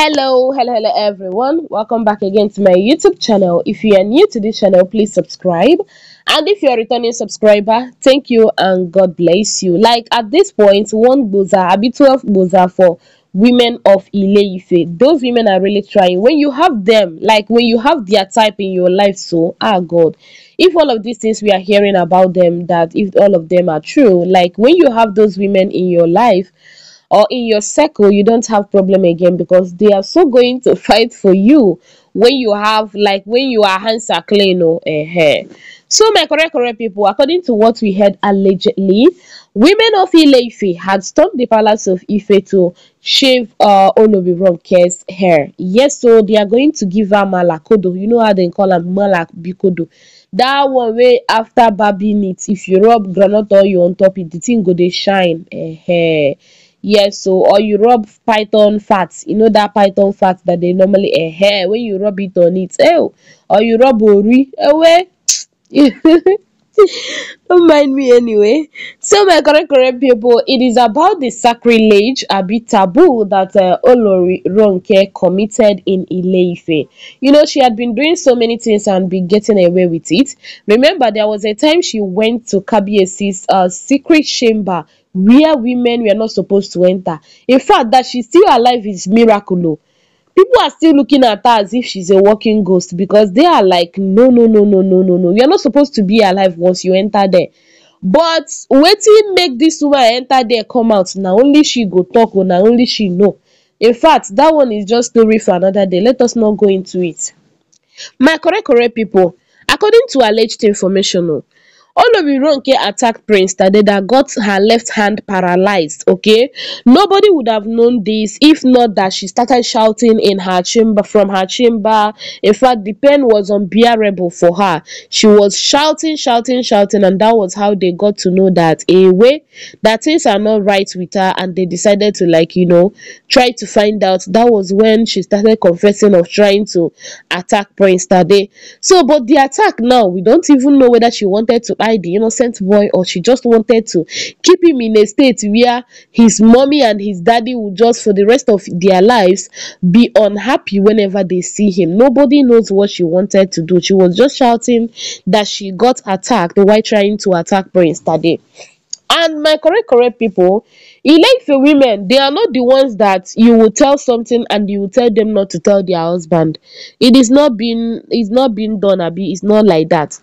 hello hello hello everyone welcome back again to my youtube channel if you are new to this channel please subscribe and if you're a returning subscriber thank you and god bless you like at this point one boza be 12 boza for women of Ileife. Those women are really trying. When you have them, like when you have their type in your life, so ah God. If all of these things we are hearing about them, that if all of them are true, like when you have those women in your life, or in your circle you don't have problem again because they are so going to fight for you when you have like when you are hands are clean or oh, eh hair eh. so my correct correct people according to what we heard allegedly women of Ife had stopped the palace of ife to shave uh olobi ronke's hair yes so they are going to give her malakodo you know how they call her malak bikodo that one way after barbing it if you rub groundnut oil on top it the thing go they shine eh, eh yes so or you rub python fat you know that python fat that they normally a eh, hair when you rub it on it oh or you rub ori eh, away Don't mind me anyway. So, my correct, correct people, it is about the sacrilege, a bit taboo that uh, Olori Ronke committed in Ileife. You know, she had been doing so many things and been getting away with it. Remember, there was a time she went to Kabiesi's uh, secret chamber where women were not supposed to enter. In fact, that she's still alive is miraculous people are still looking at her as if she's a walking ghost because they are like no no no no no no no you're not supposed to be alive once you enter there but wait you make this woman enter there come out now. only she go talk and only she know in fact that one is just story for another day let us not go into it my correct correct people. according to alleged information oh, Olomironke attacked Prince Tade that got her left hand paralyzed, okay? Nobody would have known this if not that she started shouting in her chamber, from her chamber. In fact, the pain was unbearable for her. She was shouting, shouting, shouting, and that was how they got to know that, a eh, way that things are not right with her, and they decided to, like, you know, try to find out. That was when she started confessing of trying to attack Prince Tade. So, but the attack now, we don't even know whether she wanted to the innocent boy or she just wanted to keep him in a state where his mommy and his daddy would just for the rest of their lives be unhappy whenever they see him. Nobody knows what she wanted to do. She was just shouting that she got attacked while trying to attack Prince Tade. And my correct, correct people, Ilefe women, they are not the ones that you will tell something and you will tell them not to tell their husband. It is not being, it's not being done, Abby, It's not like that.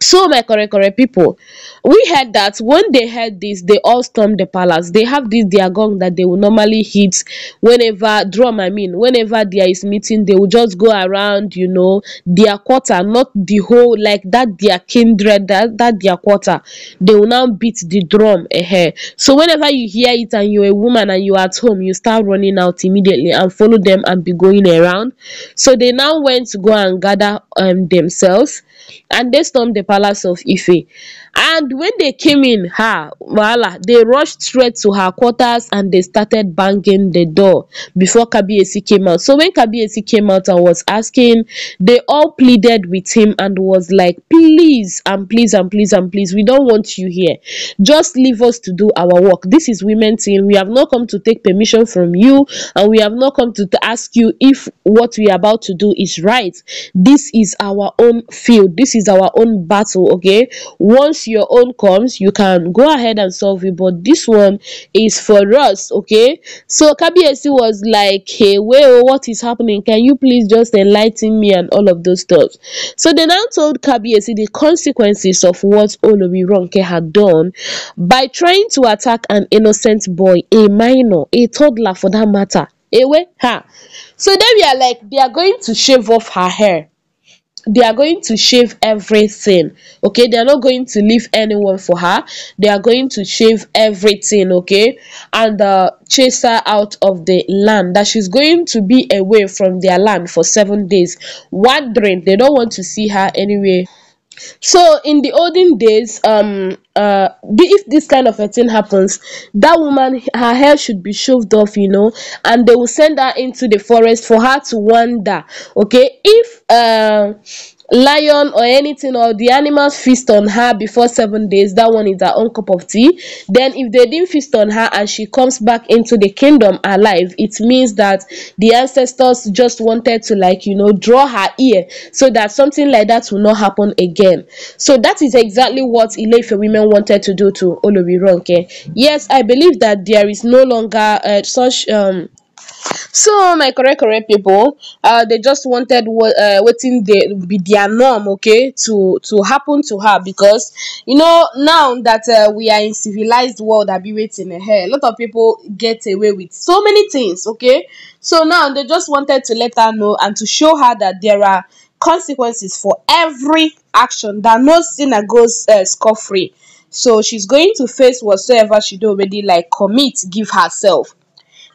So, my correct, correct people, we heard that when they heard this, they all stormed the palace. They have this their gong that they will normally hit whenever, drum I mean, whenever there is meeting, they will just go around, you know, their quarter, not the whole, like that their kindred, that, that their quarter. They will now beat the drum. Eh, So, whenever you hear it and you're a woman and you're at home, you start running out immediately and follow them and be going around. So, they now went to go and gather um, themselves and they stormed the palace of ife and when they came in ha, voila! They rushed straight to her quarters and they started banging the door before kabiyesi came out so when kabiyesi came out and was asking They all pleaded with him and was like please and please and please and please we don't want you here just leave us to do our work This is women's thing we have not come to take permission from you and we have not come to ask you if what we are about to do is right This is our own field This is our own battle okay once your own comes you can go ahead and solve it but this one is for us okay so kbsc was like hey well oh, what is happening can you please just enlighten me and all of those stuff so they now told kbsc the consequences of what olomi ronke had done by trying to attack an innocent boy a minor a toddler for that matter away ha? so then we are like they are going to shave off her hair they are going to shave everything okay they're not going to leave anyone for her they are going to shave everything okay and uh, chase her out of the land that she's going to be away from their land for seven days wandering they don't want to see her anywhere so in the olden days, um, uh, if this kind of a thing happens, that woman, her hair should be shoved off, you know, and they will send her into the forest for her to wander. Okay, if uh lion or anything or the animals feast on her before seven days that one is her own cup of tea then if they didn't feast on her and she comes back into the kingdom alive it means that the ancestors just wanted to like you know draw her ear so that something like that will not happen again so that is exactly what ilefe women wanted to do to olobironke yes i believe that there is no longer uh, such um so my correct correct people uh they just wanted what uh waiting the be their norm okay to to happen to her because you know now that uh, we are in civilized world i be waiting ahead eh, eh, a lot of people get away with so many things okay so now they just wanted to let her know and to show her that there are consequences for every action that no sinner goes uh, scot-free so she's going to face whatsoever she do already like commit give herself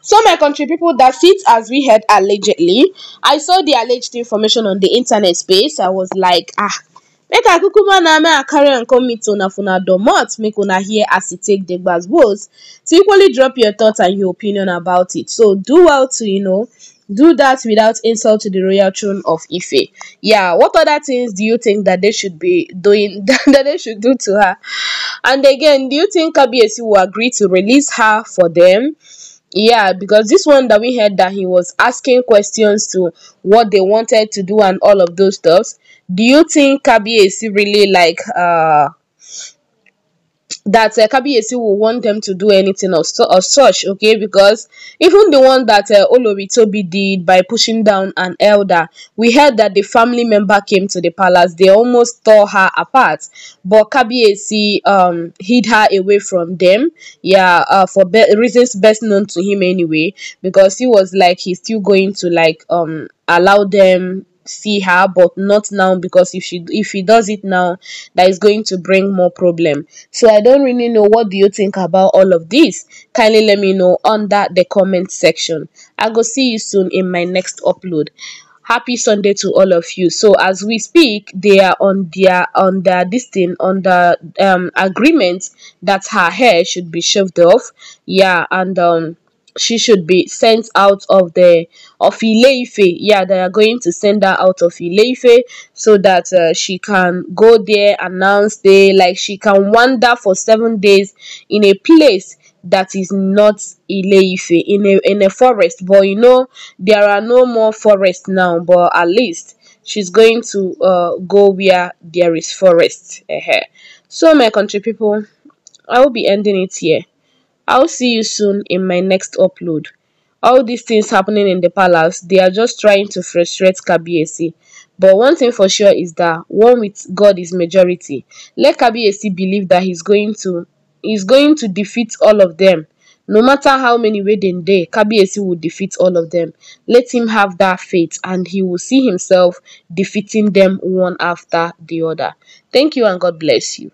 so my country people that it as we heard allegedly. I saw the alleged information on the internet space. I was like, ah, make I kukuma na me a carry and come meet una funa domot, make una hear as it take the words So equally drop your thoughts and your opinion about it. So do well to, you know, do that without insult to the royal throne of Ife. Yeah, what other things do you think that they should be doing that they should do to her? And again, do you think KBSU will agree to release her for them? Yeah, because this one that we heard that he was asking questions to what they wanted to do and all of those stuff. Do you think Kabi is really like uh that uh, will want them to do anything of, or, or such, okay? Because even the one that uh, Olori Tobi did by pushing down an elder, we heard that the family member came to the palace. They almost tore her apart, but Kabiyesi um, hid her away from them, yeah, uh, for be reasons best known to him anyway, because he was like, he's still going to like um allow them see her but not now because if she if he does it now that is going to bring more problem so i don't really know what do you think about all of this kindly let me know under the comment section i will see you soon in my next upload happy sunday to all of you so as we speak they are on their on their this thing on the um agreement that her hair should be shaved off yeah and um she should be sent out of the of Ileife. Yeah, they are going to send her out of Ileife so that uh, she can go there, announce there, like she can wander for seven days in a place that is not Ileife in a in a forest. But you know there are no more forests now. But at least she's going to uh, go where there is forest. So my country people, I will be ending it here. I'll see you soon in my next upload. All these things happening in the palace, they are just trying to frustrate Kabiesi. But one thing for sure is that one with God is majority. Let Kabiesi believe that he's going to he's going to defeat all of them. No matter how many wedding day, Kabiesi will defeat all of them. Let him have that faith and he will see himself defeating them one after the other. Thank you and God bless you.